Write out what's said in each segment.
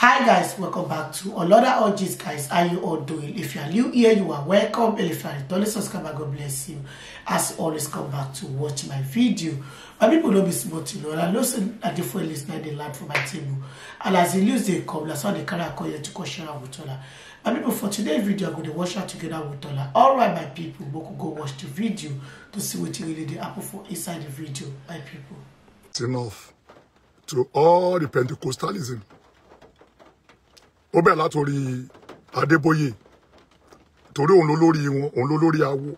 hi guys welcome back to another orgies guys how you all doing if you are new here you are welcome and if you are returning subscriber god bless you as always come back to watch my video my people no be small to know i know say na different listener dey land for my table and as the news dey come na so i carry am come here to come share am with una my people for today's video i go to watch out together with una alright my people make we go watch the video to see wetin really did. happen for inside the video my people. enough to all the pentecostalism ó bẹ̀rẹ̀ látòrí Adébóyè torí òun ló lórí wọn òun ló lórí awo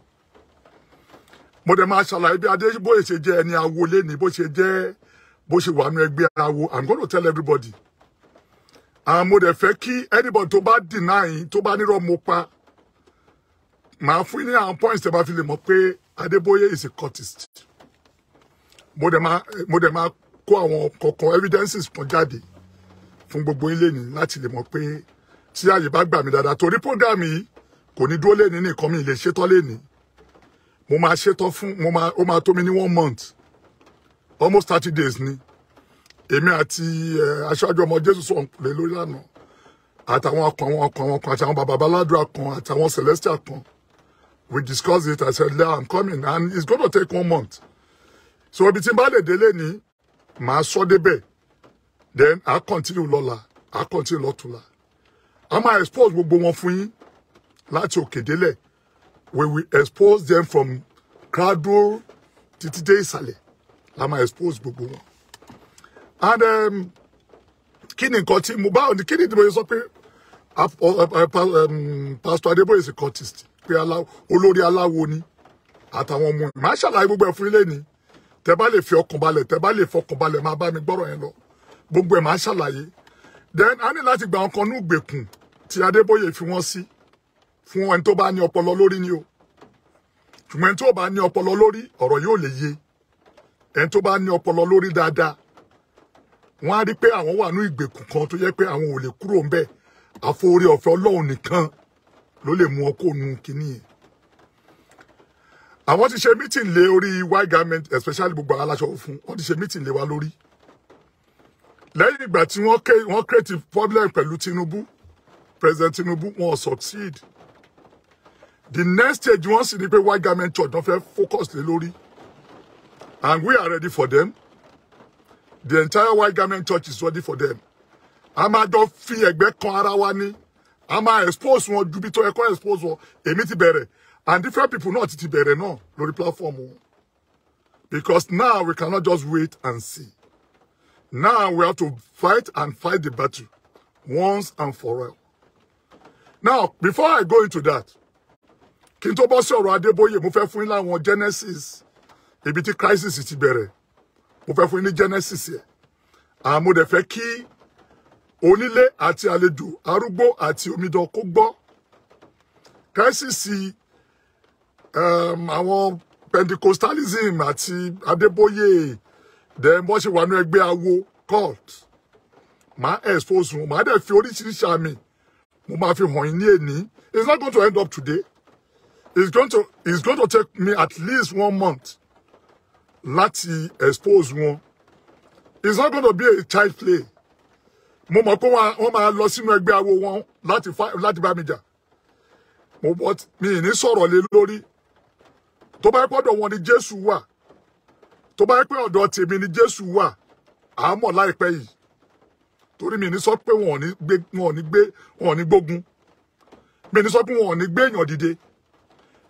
mo dẹ̀ máa ṣàlàyé bí Adébóyè ṣe jẹ́ ẹni awo léni bó ṣe jẹ́ bó ṣe wà nú ẹgbẹ́ awo i'm gonna tell everybody àwọn mo dẹ̀ fẹ́ kí anybody tó bá deny tó bá nírọ̀ mo pa màá fún ní àwọn points tẹ́ bá fi lè mọ̀ pé Adébóyè is a cultist mo dẹ̀ máa kó àwọn kọ̀ọ̀kan evidences kan jáde fún gbogbo yín lẹ́ni láti lè mọ̀ pé tí àyè bá gbà mí dáadáa torí program yìí kò ní dúró lẹ́ni nìkan mi lè ṣetán lẹ́ni mo máa ṣetán fún mo máa ó máa tó mi ní one month almost thirty days ni èmi àti aṣáájú ọmọ jésù sọ̀rọ̀ lé lórí lánàá àtàwọn akọ àwọn akọ àwọn akọ àtàwọn bàbá aládùúrà kan àtàwọn celestial kan we discussed it i said yeah i'm coming and it's gonna take one month so ibi tí n bá lè délé ni màá sọ débẹ̀ then I continue Lola. I continue Lotula. a máa expose gbogbo wọn fún yín láti òkè délẹ̀ we expose them from cradle títí dé ìsàlẹ̀ la máa expose gbogbo wọn and um, kí ni nǹkan tí mo bá ọ ní kí ni ìdìbò yẹn sọ pé um, pastor Adébóyè sì cultist pé olórí aláwo ni àtàwọn ọmọ yìí máa ṣàlàyé gbogbo ẹ̀ fún ilé ni tẹ́ bá lè fi ọkàn balẹ̀ tẹ́ bá lè fọkàn balẹ̀ máa bá mi gbọ́rọ̀ yẹn lọ gbogbo ẹ̀ máa ṣàlàyé then a ní láti gba ọkàn ní ìgbèkùn tí Adébóyè fi wọ́n sí fún ẹni tó bá ní ọpọlọ lórí ni o ṣùgbọ́n ẹni tó bá ní ọpọlọ lórí ọ̀rọ̀ yóò lè yé ẹni tó bá ní ọpọlọ lórí dáadáa wọ́n á rí pé àwọn wà ní ìgbèkùn kan tó yẹ pé àwọn ò lè kúrò ńbẹ̀ àforí ọ̀fẹ́ Ọlọ́run nìkan ló lè mú ọkọ nu kínní yẹn àwọn ti ṣe mítìn lé orí white garment especially gbogbo aláṣọ fún wọn ti ṣe mítìn lé wa lórí lẹ́yìn ìgbà tí wọ́n ké wọ́n create problem pẹ̀lú Tinubu President Tinubu wọ́n succeed the next stage wọ́n sì ní pé white garment church wọ́n fẹ́ focus lé lórí and we are ready for them the entire white garment church is ready for them a máa jọ fi ẹ̀gbẹ́ kan ara wa ní a máa expose wọn ju bí tó yẹ kó expose wọn èmi ti bẹ̀rẹ̀ and different people náà ti ti bẹ̀rẹ̀ náà lórí platform wọn because now we cannot just wait and see. Now we have to fight and fight the battle once and for all. Now, before I go into that, kí n tó bọ́ sí ọ̀rọ̀ Adébóyè, mo fẹ́ Genesis, ibi tí crisis ti bẹ̀rẹ̀. Mo fẹ́ fún Genesis yẹn. Àmọ́ mo dẹ̀ fẹ́ kí onílé àti àlejò arúgbó àti omidan kó gbọ́. Crisis um, àwọn Pentecostalism àti Adébóyè then bó ṣe wà nú ẹgbẹ́ awo cult máa expose wọn máa dẹ̀ fi oríṣiríṣi àmì mo máa fi hàn yín ní èní it's not going to end up today it's going to it's going to take me at least one month láti expose wọn it's not going to be a child play mo mọ̀ pé wọ́n máa lọ sínú ẹgbẹ́ awo wọn láti láti bá mi jà mo bọ́ mi ní sọ̀rọ̀ lé lórí tó bá pọ́dọ̀ wọn ni Jésù wà tó bá yẹ pé ọ̀dọ̀ tèmi ni jésù wà àámọ̀ láìpẹ́ yìí torí mi ní sọ pé wọn ò ní gbé wọn ò ní gbé wọn ò ní gbógun mi ní sọ pé wọn ò ní gbé èèyàn dìde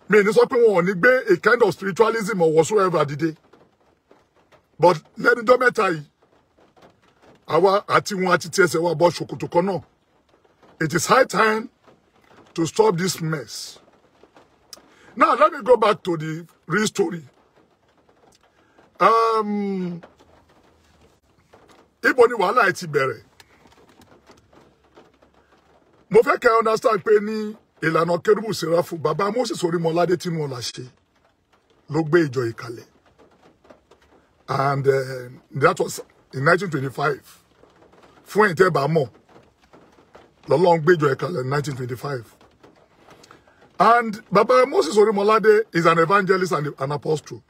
mi ní sọ pé wọn ò ní gbé a kind of spiritualism or whatsoever dìde but lẹ́nu dọ́ mẹ́ta yìí àwa àti wọn àti tiẹ̀ sẹ̀ wa bọ́ ṣòkòtò kan náà it is high time to stop this mess now let me go back to the real story Um, ibo ni wàhálà ẹ ti bẹ̀rẹ̀ mo fẹ́ kẹ́ understand pé ní ìlànà kérúbù sẹ́ráfù Baba moses orímọládé tínú ọ̀la ṣe ló gbé ìjọ ìkàlẹ̀ and uh, that was in 1925 fún ẹ̀yin tẹ́ bá mọ̀ lọ́lọ́run gbé ìjọ ìkàlẹ̀ in 1925 and Baba moses orímọládé is an evangelist and an apostle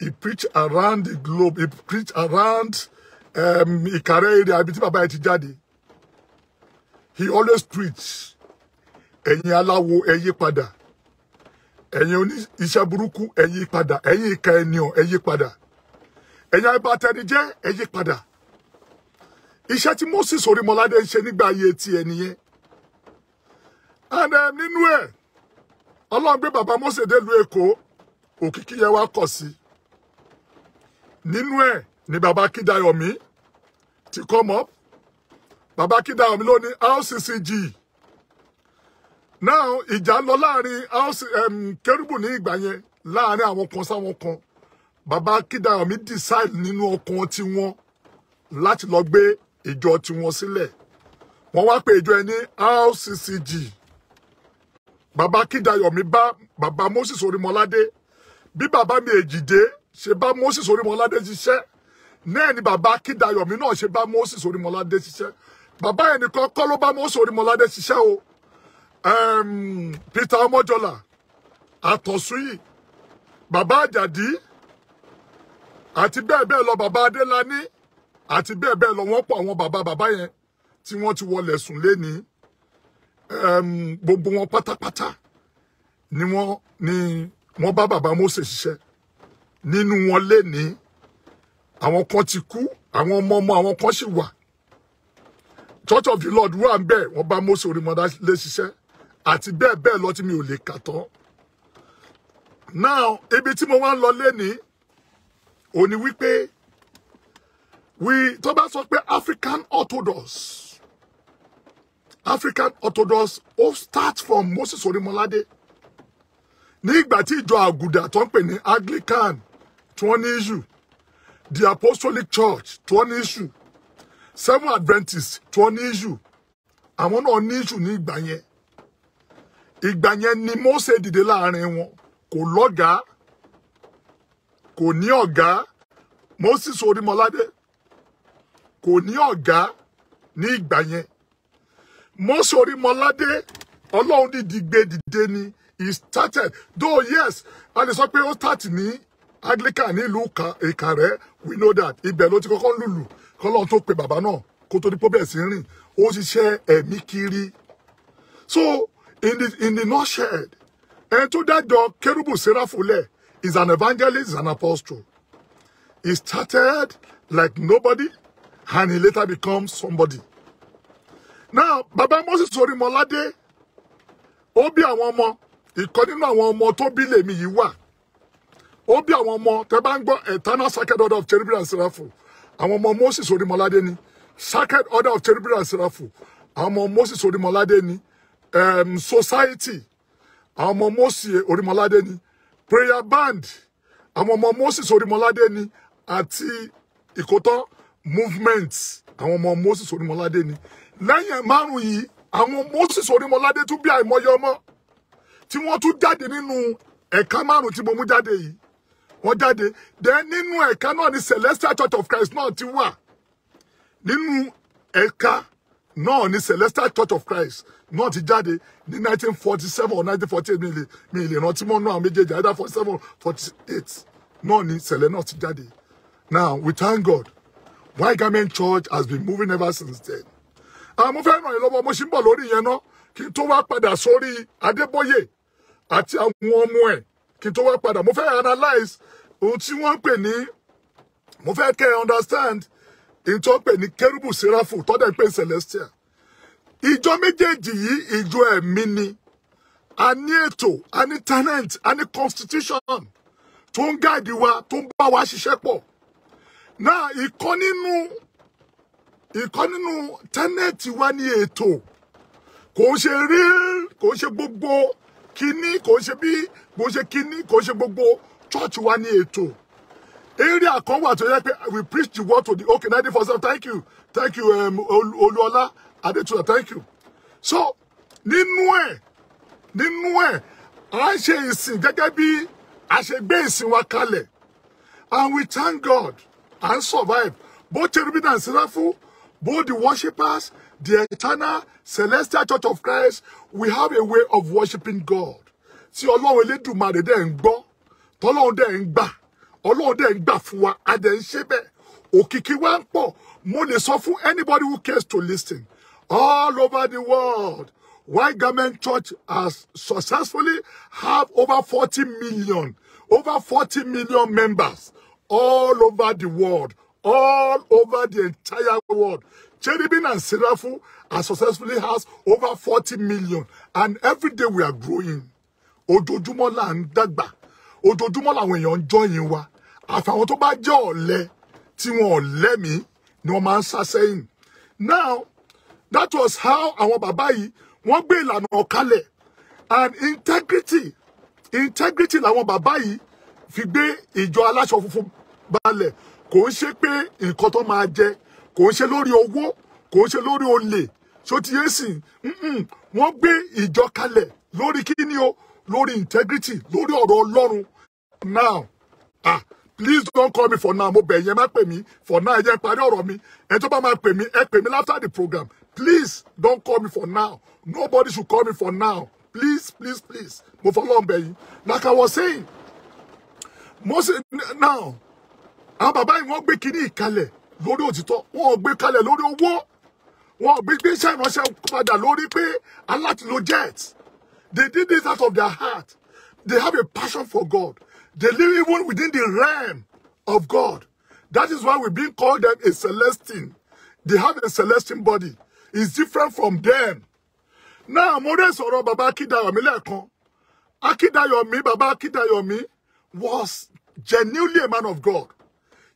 he preached around the globe he preached around um, Ìkàrẹ́ area ibi tí bàbá yẹn he always preach ẹ̀yin aláwo ẹ yí pada. ẹ̀yin oníṣẹ́ burúkú ẹ pada. padà ẹ̀yin ìka ènìyàn ẹ yí padà ẹ̀yin abatẹnijẹ́ ẹ yí padà iṣẹ́ tí Moses Orímọládé ń ṣe nígbà ayé tiẹ̀ nìyẹn and um, nínú ẹ̀ ọlọ́run gbé bàbá Moses délùú Èkó òkìkí yẹn wá kọ̀ sí nínú ẹ̀ ni bàbá Kídáyọ̀mí ti come up Baba Kídáyọ̀mí ló ní RCCG now ìjà lọ láàrin kérúbù ní ìgbà yẹn láàrin àwọn kan sáwọn kan bàbá Kídáyọ̀mí decide nínú ọkàn tiwọn láti lọ gbé ìjọ tiwọn sílẹ̀ wọ́n wá pé ìjọ ẹ ní RCCG bàbá Kídáyọ̀mí bá bàbá Moses Orimolade. bí baba mi èjì dé ṣe bá Moses Orímọládé ṣiṣẹ́ náà ni bàbá Akíndayọ̀mí náà ṣe bá Moses Orímọládé ṣiṣẹ́ bàbá yẹn nìkan kọ́ ló bá Moses Orímọládé ṣiṣẹ́ o Peter Ọmọjọlá Àtọ̀súyì bàbá Àjàdí àti bẹ́ẹ̀ bẹ́ẹ̀ lọ bàbá Adélaní àti bẹ́ẹ̀ bẹ́ẹ̀ lọ wọ́n pọ̀ àwọn bàbá bàbá yẹn tí wọ́n ti wọlé sùn léni gbogbo wọn pátápátá ni wọ́n ni wọ́n bá bàbá Moses ṣiṣẹ́ nínú wọn léni àwọn kan ti kú àwọn ọmọ ọmọ kan sì wà church of the lord wà ń bẹ wọn bá mose orimọdá lé ṣiṣẹ́ àti bẹ́ẹ̀ bẹ́ẹ̀ lọ tí mi ò lè kà now ibi tí mo wá ń lọ léni òní wípé wí tó bá sọ pé african orthodox african orthodox ó start from moses orimọládé ní ìgbà tí ìjọ àgùdà tó ń pè ní anglican tí wọ́n ní issue the apostolic church tí wọ́n ní issue seven adventist tí wọ́n ní issue àwọn náà ní issue ní ìgbà yẹn ìgbà yẹn ni Mósè dìde láàrin wọn kò lọ́gàá kò ní ọ̀gá Moses Orímọládé kò ní ọ̀gá ní ìgbà yẹn Mósè Orímọládé ọlọ́run dìdí gbé dìde ni he started though yes a lè sọ pé ó start ní Anglican nílùú Ìkàrẹ́ we know that ibẹ̀ ló ti kọ́kọ́ lùlù kọ́lọ́n tó pe bàbá náà kó tó di pọ́ bẹ̀rẹ̀ sí rìn ó ṣiṣẹ́ ẹ̀mí kiri so in the in the nutshell ẹni tó dájọ kérúbù sẹ́ráfù lẹ̀ is an evangelist and apostle he started like nobody and he later becomes somebody now bàbá Moses Orímọládé ó bí àwọn ọmọ ìkan nínú àwọn ọmọ tó bí lèmi yìí wà Obi bí àwọn ọmọ tẹ́ bá eternal sacred order of cherubim and seraphim àwọn ọmọ moses orímọládé ni sacred order of cherubim and seraphim àwọn ọmọ moses orímọládé ni um, society àwọn ọmọ moses orímọládé ni prayer band àwọn ọmọ moses orímọládé ni àti ìkótọ́ movement àwọn ọmọ moses orímọládé ni lẹ́yìn márùn yìí àwọn moses orímọládé tún bí àìmọye ọmọ tí wọ́n tún jáde nínú ẹ̀ka márùn tí mo mú jáde yìí wọ́n jáde then nínú ẹ̀ka náà ni Celestial Church of Christ náà ti wà nínú ẹ̀ka náà ni Celestial Church of Christ náà ti jáde ní 1947 or 1948 mi lè mi lè rántí mọ́ náà méjèèjì either 47 48 náà ni sẹ̀lẹ̀ náà ti jáde now we thank God White Garment Church has been moving ever since then àmọ́ ah, fẹ́ ràn yín lọ́wọ́ mo ṣì ń bọ̀ lórí yẹn náà kí n tó wá padà sórí Adébóyè àti àwọn ọmọ ẹ̀ kí n tó wá padà mo fẹ́ analyze ohun tí wọ́n ń pè ní mo fẹ́ kẹ́ ẹ understand èyí tó ń pè ní kérúbù sírafù tọ́dẹ̀ ń pè celestial ìjọ méjèèjì yìí ìjọ ẹ̀mí ni a ní ètò a ní talent a ní constitution tó ń gáàdì wa tó ń bá wa ṣiṣẹ́ pọ̀ náà ìkan nínú ìkan nínú tẹ́nẹ̀tì wa ní ètò kò ń ṣe real kò ń ṣe gbogbo kíní kò ṣe bí bó ṣe kíní kò ṣe gbogbo church wa ní ètò area kan wà tó yẹ pé we preach the word to the okay ninety four seven thank you thank you um, Olúọlá Adétúnà thank you so nínú ẹ nínú ẹ a ṣe ìsìn gẹ́gẹ́ bí a ṣe gbé ìsìn wa kalẹ̀ and we thank God and survive both cherubim and seraphu both the worshippers the eternal celestial church of Christ, we have a way of worshiping God. Tí Ọlọ́run Elédùmarè dẹ̀ ń gbọ́, tọ́lọ́run dẹ̀ ń gbà, Ọlọ́run dẹ̀ ń gbà fún wa, a dẹ̀ ń ṣe bẹ́ẹ̀. Òkìkí wa ń pọ̀, mo lè sọ fún anybody who cares to listen all over the world. White Garment Church has successfully have over 40 million, over 40 million members all over the world, all over the entire world. Cherubim and Seraphim are successfully has over 40 million. And every day we are growing. Ojoojúmọ́ là ń dàgbà. Ojoojúmọ́ làwọn èèyàn ń jọyìn wa. Àfàwọn tó bá jẹ́ le, tí wọn ọ̀lẹ mi ni wọ́n máa ń sá Now, that was how àwọn bàbá yìí wọ́n gbé ìlànà kalẹ̀. And integrity integrity làwọn bàbá yìí fi gbé ìjọ aláṣọ funfun balẹ̀ kò ń ṣe pé nǹkan tó máa jẹ kò ń ṣe lórí owó kò ń ṣe lórí olè ṣó ti yé sìn wọ́n gbé ìjọ kalẹ̀ lórí kíni o lórí integrity lórí ọ̀rọ̀ ọlọ́run now ah please don't call me for now mo bẹ̀ yẹn má pè mí for now ẹ jẹ́ parí ọ̀rọ̀ mi ẹ tó bá máa pè mí ẹ pè mí after the program please don't call me for now nobody should call me for now please please please mo fọlọ́ ń bẹ̀ like I was saying mo sì now àwọn bàbá yìí wọ́n gbé kínní ìkalẹ̀ lórí òtítọ́ wọn gbé kalẹ̀ lórí owó wọn ò gbé gbé iṣẹ́ padà lórí pé alátìló jet they did this out of their heart they have a passion for God they live even within the realm of God that is why we been called them a celestine they have a celestine body it's different from them now mo rẹ sọ̀rọ̀ baba Akídayọ̀mí lẹ́ẹ̀kan Akídayọ̀mí baba Akídayọ̀mí was genuinely a man of God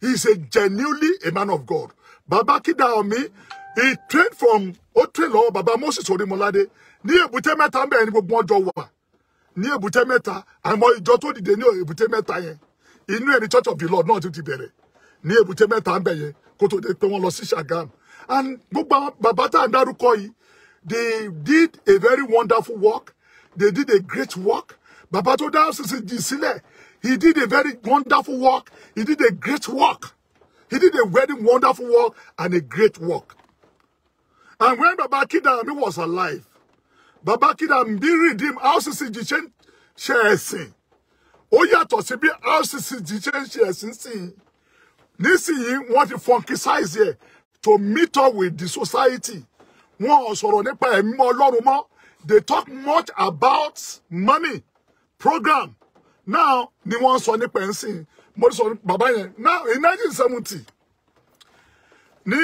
He's a genuinely a man of God. Baba Kidaomi, he trained from Otrelo, Baba Moses Orimolade, ní Èbúté Mẹ́ta ń bẹ̀rẹ̀ ní gbogbo ọjọ́ wà. Ní Èbúté Mẹ́ta, àmọ́ ìjọ tó dìde ní Èbúté Mẹ́ta yẹn. Inú ẹ̀ ní Church of the Lord náà ti ti bẹ̀rẹ̀. Ní Èbúté Mẹ́ta ń bẹ̀ yẹn kó tó dé pé wọ́n And gbogbo àwọn bàbá tá they did a very wonderful work. They did a great work. Bàbá tó dá CCG sílẹ̀ He did a very wonderful work. He did a great work. He did a very wonderful work and a great work. And when Baba Kidami was alive, Baba Kidami redeemed houses in Chelsea. Ó yàtọ̀ sí bí RCC ti ṣe ń ṣe ẹ̀sìn sí i. Nísìnyí, wọ́n ti fọnkísáìsì ẹ̀ to meet up with the society. Wọ́n ò sọ̀rọ̀ nípa ẹ̀mí Ọlọ́run They talk much about money program now ni wọ́n so nípa ẹ̀ ń sìn mo sọ bàbá yẹn now in 1970, seventy ní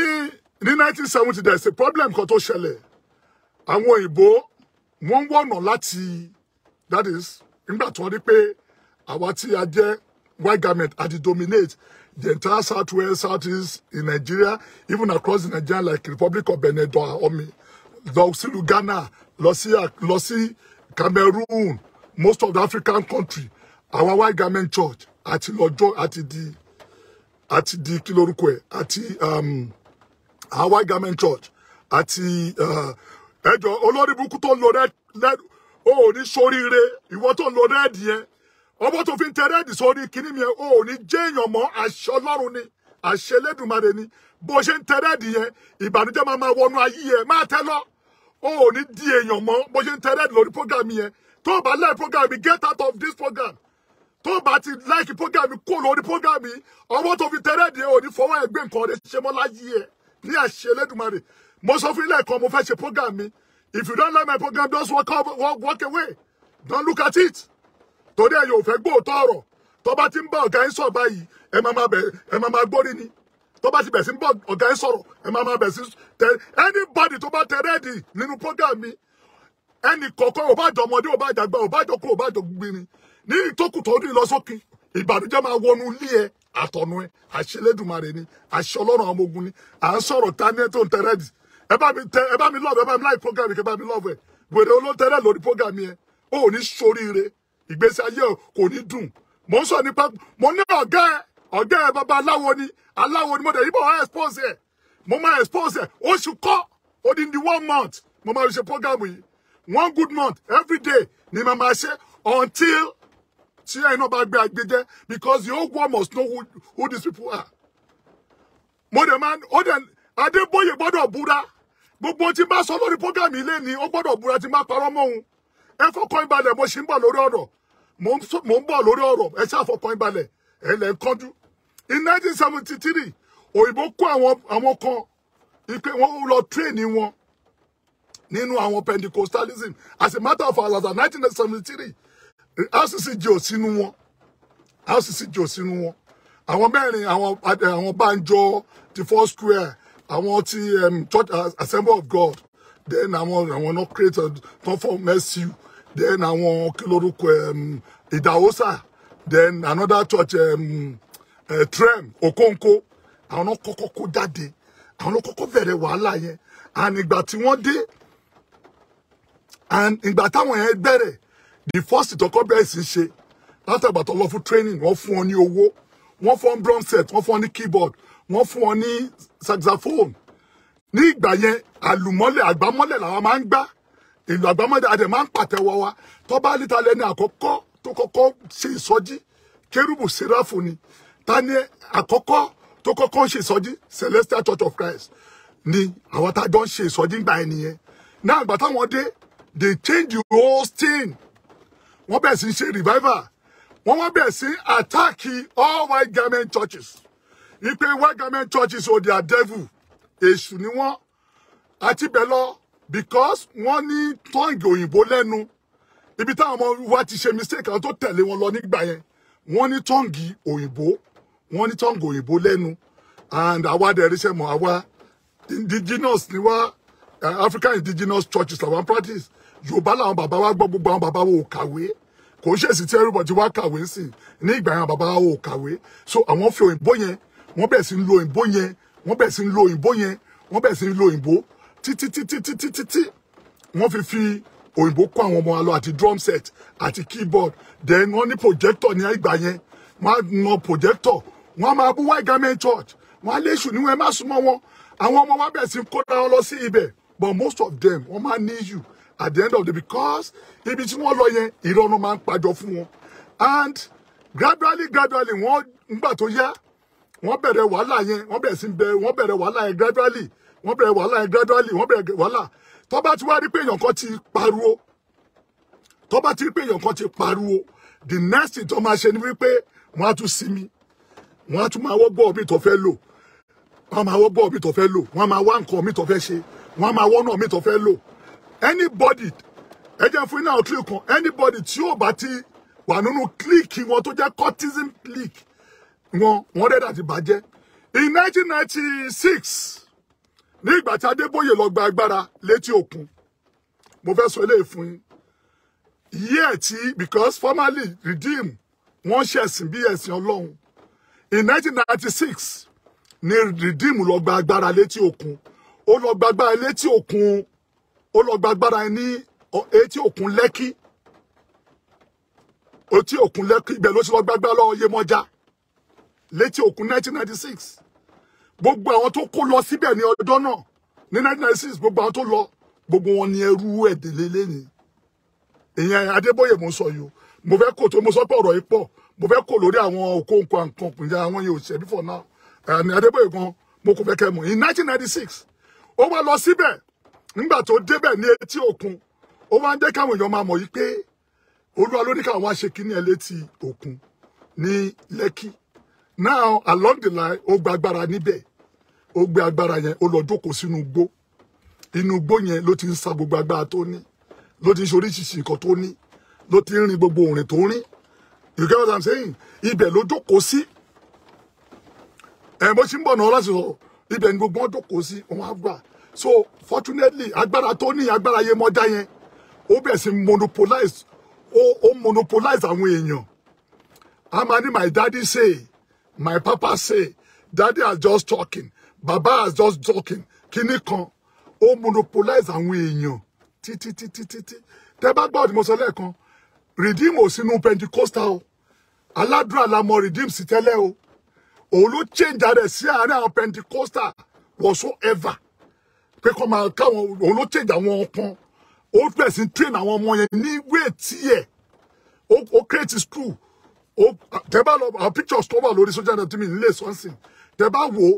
1970, nineteen there is a problem kan tó ṣẹlẹ̀ àwọn òyìnbó wọ́n wọ̀nà lati. that is nígbà tó rí pé àwa tí a jẹ́ white garment a ti dominate the entire southwest southeast in Nigeria even across the Nigeria like Republic of Benin omi lọ sílùú Ghana lọ sí Cameroon most of the African country Our white garment church àti lọ́jọ́ at the at the kí lórúkọ ẹ̀ àti àwa um, white garment church at uh, ẹjọ́ olórí burúkú tó ń lo red oh ò ní re ìwọ tó ń lo red yẹn ọmọ tó fi ń tẹ red sórí kíní mi yẹn o ò ní jẹ́ èèyàn mọ́ àṣẹ ọlọ́run ni àṣẹ lẹ́dùnmarè ni bó ṣe ń tẹ red yẹn ìbànújẹ́ máa máa wọnú ayé yẹn máa tẹ́ lọ o ò ní di èèyàn mọ́ bó ṣe ń tẹ program yẹn tó o bá program get out of this program tó bá ti láìkì prógámì kó lórí prógámì ọwọ́ tó fi tẹ́rẹ́ dé òní fọwọ́ ẹgbẹ́ nǹkan rẹ̀ ṣe mọ́ láyé ẹ̀ bí àṣẹ Elédùmarè mo sọ fún ilé ẹ̀kọ́ mo fẹ́ ṣe prógámì if you don't like my program just walk, walk, walk away don't look at it torí ẹ̀ yóò fẹ́ gbóòótọ́ ọ̀rọ̀ tó bá ti ń bá ọ̀gá yín sọ̀rọ̀ báyìí ẹ máa bẹ̀ ẹ máa gbórí ni tó bá ti bẹ̀ sí ń bọ̀ ọ̀gá yín sọ̀rọ̀ ẹ máa bẹ̀ sí tẹ anybody tó bá tẹ rẹ́ẹ̀dì nínú program mi ẹnì kọ̀ọ̀kan ò bá jọ ọmọdé ò bá jàgbà ò bá jọ kó ò bá jọ gbìnrin ní ìtókù tó ní ìlọsókè ìbànújẹ́ máa wọnú ilé ẹ àtọ̀nù ẹ àṣẹlẹ́dùmarè ni àṣẹ àwọn ogun ni à ń sọ̀rọ̀ tani tó ń tẹrẹ́dì ẹ bá mi tẹ ẹ bá mi lọ́ọ̀bù ẹ bá mi láì program kẹ bá mi lọ́ọ̀bù ẹ wèrè olóńtẹrẹ́ lórí program yẹn ó ní soríire ìgbésí ayé kò ní dùn mò ń sọ nípa mo ní ọ̀gá ẹ ọ̀gá ẹ bàbá aláwo ni aláwo ni mo dẹ̀ yíbọn expose ẹ mo máa expose ẹ oṣù kọ́ odindi one month mo máa ṣe program yìí one good month every day ni mo máa ṣe until tí ẹ̀yin náà bá gbé agbẹjẹ́ because the whole world must know who, who these people are. mo man, máa ó dẹ̀ Adébóyè gbọ́dọ̀ búra gbogbo tí But sọ lórí program ilé ni ó gbọ́dọ̀ búra tí má parọ́ mọ́ òun ẹ fọkàn ìbalẹ̀ mo ṣì ń bọ̀ lórí ọ̀rọ̀ mo ń bọ̀ lórí ọ̀rọ̀ ẹ ṣáà fọkàn ìbalẹ̀ ẹ lẹ̀ ń kánjú. in 1973 òyìnbó kó àwọn àwọn kan ipe wọn lọ tírèèni wọn nínú àwọn Pentecostalism as a matter of fact as a 1973 rccg ò sínú wọn rccg ò sínú wọn àwọn mẹ́rin àwọn àwọn banjo ti four square àwọn ti um, church assembly of god then àwọn àwọn náà create tó form msu then àwọn kí lórúkọ um, ìdáwọ́sà then another church um, uh, trem okonko àwọn náà kọ́kọ́ kó jáde àwọn náà kọ́kọ́ bẹ̀rẹ̀ wàhálà yẹn and ìgbà tí wọ́n dé and ìgbà táwọn yẹn bẹ̀rẹ̀ the first ìtọ́kọ́ bẹ̀rẹ̀ sí ṣe látàgbà tó lọ fún training one fún ọ ní owó wọ́n fún ọ drum set one fún ọ ní keyboard one fún ọ ní saxophone ní ìgbà yẹn àlùmọ́lẹ̀ àgbámọ́lẹ̀ làwọn máa ń gbá ìlú àgbámọ́lẹ̀ adẹ̀ máa ń pàtẹ́wọ́ wa tó bá níta lẹ́ni àkọ́kọ́ tó kọ́kọ́ ṣe ìsọjí kérúbù séráfù ni celestial church of christ ni awata don a jọ ń ṣe ìsọjí gbà ẹ nìyẹn they change the whole thing wọ́n bẹ̀rẹ̀ sí ń ṣe revival wọ́n wá bẹ̀rẹ̀ sí attack all white garment churches ipe white garment churches o oh, they devil èṣù ni wọ́n àti bẹ́ẹ̀ lọ because wọ́n ní tongue òyìnbó lẹ́nu ibi táwọn ọmọ wa ti ṣe mistake àwọn tó tẹ̀lé wọn lọ nígbà yẹn wọ́n ní tongue òyìnbó wọ́n ní tongue òyìnbó lẹ́nu and àwa dẹ̀ ríṣẹ́ mọ̀ àwa indigenous ni wá African indigenous churches làwọn practice yorùbá làwọn bàbá wa gbọ́ gbogbo àwọn bàbá wa ò kàwé kò ṣe èsì tí everybody wá kàwé sí ní ìgbà yẹn bàbá wa ò kàwé so àwọn fi òyìnbó yẹn wọ́n bẹ̀ sí ń lo òyìnbó yẹn wọ́n bẹ̀ sí ń lo òyìnbó yẹn wọ́n bẹ̀ sí ń lo òyìnbó títí títí títí títí wọ́n fi fi òyìnbó kọ́ àwọn ọmọ wa lọ àti drum set àti keyboard then wọ́n ní projector ní ìgbà yẹn wọ́n á na projector wọ́n á máa bú white garment church wọ́n á léṣù níwọ̀n ẹ má súnmọ́ wọn àwọn ọmọ wa bẹ̀ sí ń kóra wọn lọ sí but most of them wọ́n máa ní at the end of the because ibi tí wọ́n lọ yẹn ìrọ̀rùn máa ń pàjọ fún wọn and gradually gradually wọ́n ngbà tó yá wọ́n bẹ̀rẹ̀ wàhálà yẹn wọ́n bẹ̀rẹ̀ sí bẹ wọ́n bẹ̀rẹ̀ wàhálà yẹn gradually wọ́n bẹ̀rẹ̀ wàhálà yẹn gradually wọ́n bẹ̀rẹ̀ wàhálà To bá ti wá rí pé èèyàn kan ti pariwo tó bá ti rí pé èèyàn kan ti pariwo the next thing tó máa ṣe ni wípé wọ́n á tún sinmi wọ́n á tún máa wọ́gbọ́ mi tó fẹ́ lò wọ́n máa wọ́gbọ́ mi tó fẹ́ lò wọ́n máa wá nǹkan mi tó fẹ́ ṣe wọ́n máa wọ́nà mi tó fẹ́ lò anybody ẹ jẹ́ fún iná òkìlì kan anybody tí yóò bá ti wà nínú kílíìkì wọn tó jẹ́ cortism clique wọn wọn rẹ́dà ti bàjẹ́ in 1996 ní ìgbà tí Adébóyè lọ gba agbára létí òkun mo fẹ́ sọ eléyìí fún yín yíẹ̀ tí because formerly redeem wọ́n ṣẹ̀sìn bí ẹ̀sìn Ọlọ́run in 1996 ni redeem lọ gba agbára létí òkun ó lọ gba agbára létí òkun ó lọ gbàgbára ẹ ní etí òkun lẹ́kí etí òkun lẹ́kí ibẹ̀ ló ti lọ gbàgbára lọ́wọ́ Yemọja létí òkun 1996 gbogbo àwọn tó kó lọ síbẹ̀ ní ọjọ́ náà ní 1996 gbogbo àwọn tó lọ gbogbo wọn ni ẹrú ẹ̀dẹ̀lélé ni ìyẹn Adébóyè mo sọ yìí mo fẹ́ kó tó mo sọ pé ọ̀rọ̀ yìí pọ̀ mo fẹ́ kó lórí àwọn òkó nǹkan nǹkan pìyà àwọn yìí ò ṣẹ́ before now àmì Adébóyè gan mo kò fẹ́ kẹ́ mọ̀ in 1996 ó wá lọ síbẹ̀ nígbà tó débẹ̀ ní etí òkun ó máa ń jẹ́ káwọn èèyàn máa mọ̀ yí pé olúwa ló ní káwọn wá ṣe kíní ẹ létí òkun ní lẹ́kì now along the line ó gba agbára níbẹ̀ ó gbé agbára yẹn ó lọ jókòó sínú igbó inú igbó yẹn ló ti ń sa gbogbo agbára tó ní ló ti ń ṣe nǹkan tó ní ló ti ń rin gbogbo òrìn tó ń you get what i'm saying ibẹ̀ ló jókòó sí ẹ̀ bó ṣe ń bọ̀ náà láti sọ̀rọ̀ ibẹ̀ ni gbogbo wọn jókòó sí wọn á gbà so fortunately agbára tó ní agbára yẹn mọ́dá yẹn ó bẹ̀rẹ̀ sí monopolize ó ó monopolize àwọn èèyàn a máa ní my daddy say my papa say daddy are just talking baba are just talking kíní kan ó monopolize àwọn èèyàn títí títí títí tẹ bá gbọ́ ọ̀dùnmọ̀sọ lẹ́ẹ̀kan redeem ò sínú pentecostal o aládùúrà la mọ redeem sí tẹ́lẹ̀ o òun ló change ara ẹ̀ sí àárín àwọn pentecostal whatsoever pé kọ́ máa káwọn òun ló change àwọn ọpọn ó bẹ̀rẹ̀ sí train àwọn ọmọ yẹn ní wéè tiẹ̀ ó create school ó tẹ́ bá lọ àwọn pictures tó wà lórí social media tí mi nílé sọ́nsìn tẹ́ bá wò ó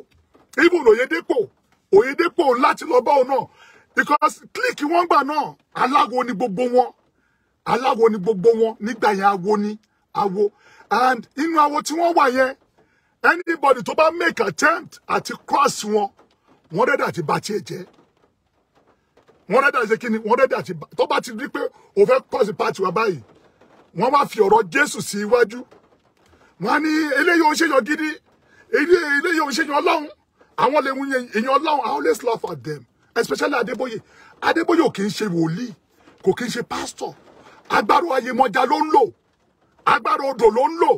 even Oyedepo Oyedepo láti lọ bá òun náà because click wọ́n gbà náà aláwo ni gbogbo wọn aláwo ni gbogbo wọn nígbà yẹn awo ni awo and inú awo tí wọ́n wà yẹn anybody tó bá make attempt àti cross wọn wọ́n dẹ́dẹ́ àti bá tiẹ̀ jẹ́ wọ́n dẹ́dẹ́ àti kíni wọ́n dẹ́dẹ́ àti tó bá ti rí pé o fẹ́ pọ́sì pàtì wa báyìí wọ́n wá fi ọ̀rọ̀ Jésù sí iwájú wọ́n á ní eléyìí ò ń ṣèyàn gidi eléyìí ò ń ṣèyàn Ọlọ́run àwọn lè wúnyẹn èèyàn Ọlọ́run I always laugh at them especially Adébóyè Adébóyè ò kì í ṣe wòlíì kò kì í ṣe pásítọ̀ agbára ayémọjà ló ń lò agbára odò ló ń lò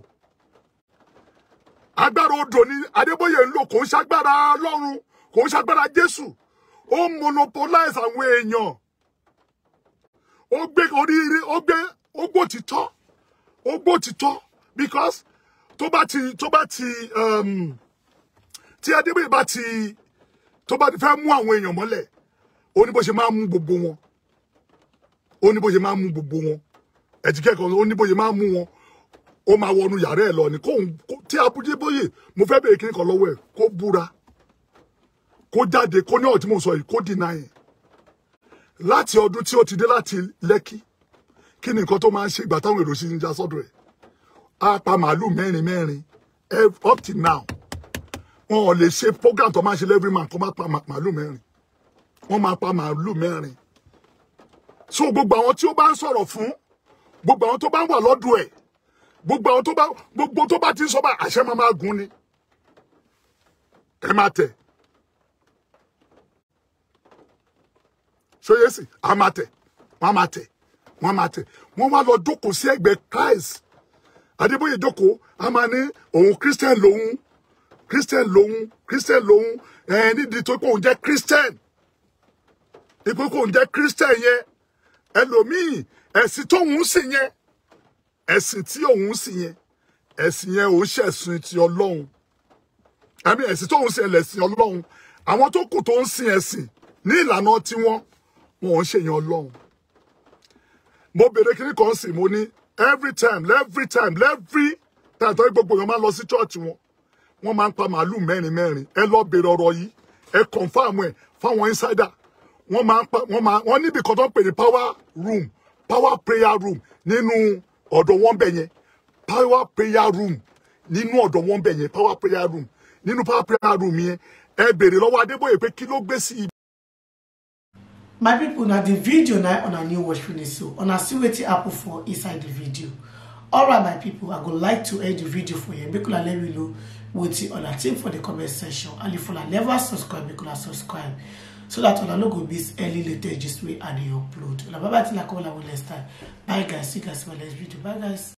agbára odò ni Adébóyè ń lò kò ń ṣagbára Ọlọ́run kò ń ṣagbára jésù ó monopolize àwọn èèyàn ó gbé oríire ó gbé ó gbó títọ́ ó gbó títọ́ because tó bá ti tó bá ti um, tí adébíyì bá ti tó bá ti fẹ́ mú àwọn èèyàn mọ́lẹ̀ ó ní bó ṣe máa mú gbogbo wọn ó ní bó ṣe máa mú gbogbo wọn ẹ̀tí kẹ́kọ̀ọ́ ó ní bó ṣe máa mú wọn ó máa wọnú yàrá ẹ̀ lọ ni kóun tí abúlé bóyè mo fẹ́ bèèrè kíní kan lọ́wọ́ ẹ̀ kó búra kó jáde kó ní ọ̀rọ̀ tí mo sọ yìí kó dìnà yẹn láti ọdún tí ó ti dé láti lẹ́kí kí ni nǹkan tó máa ń ṣe ìgbà táwọn èrò sì ń já sọ́dọ̀ ẹ̀ á pa màálù mẹ́rin mẹ́rin up to now wọn ò lè ṣe program tó máa ń ṣe every month kó máa pa màálù mẹ́rin wọ́n máa pa màálù mẹ́rin so gbogbo àwọn tí ó bá ń sọ̀rọ̀ fún gbogbo àwọn tó bá ń wà lọ́dọ̀ ẹ̀ gbogbo àwọn tó bá gbogbo tó bá ti ń sọ bá àṣẹ máa máa gún ni ẹ máa tẹ̀ ṣóyèsì a amate, amate. wọ́n máa tẹ̀ wọ́n máa tẹ̀ wọ́n wá lọ jókòó sí ẹ̀gbẹ́ christ adébóyè jókòó a máa christian lòun christian lòun christian lòun Eh, ni tó pé òun jẹ́ christian ipò ko ń jẹ́ christian yẹn ẹlòmíì ẹ̀sìn tóun sì yẹn ẹ̀sìn tí òun sì yẹn ẹ̀sìn yẹn òun ṣẹ̀sìn ti ọlọ́run àmì ẹ̀sìn tóun sì ẹlẹ́sìn ọlọ́run àwọn tó kù tó ń sin ẹ̀sìn ní ìlànà tiwọn wọn ò ṣèyàn ọlọ́run mo bèrè ni kan sì mo ní every time every time every time tó gbogbo èèyàn máa ń lọ sí church wọn wọn máa ń pa màálù mẹ́rin mẹ́rin ẹ lọ bèrè ọ̀rọ̀ yìí ẹ confam ẹ fáwọn insider wọn máa ń pa wọn máa wọn níbi kan tó ń pè ní power room power prayer room nínú ọ̀dọ̀ wọn bẹ̀ yẹn power prayer room nínú ọ̀dọ̀ wọn bẹ̀ yẹn power prayer room nínú power prayer room yẹn ẹ bèrè lọ́wọ́ Adébóyè pé kí ló gbé sí ibi my people, now the video now on a new watch finish so on a see wetin happen for inside the video All right, my people, i would like to end the video for you. make una let me know on una think for the comment section and if una never subscribe make una subscribe so that una no go miss early latest just wey i dey upload una bye bye till i come bye guys see you guys for next video bye guys.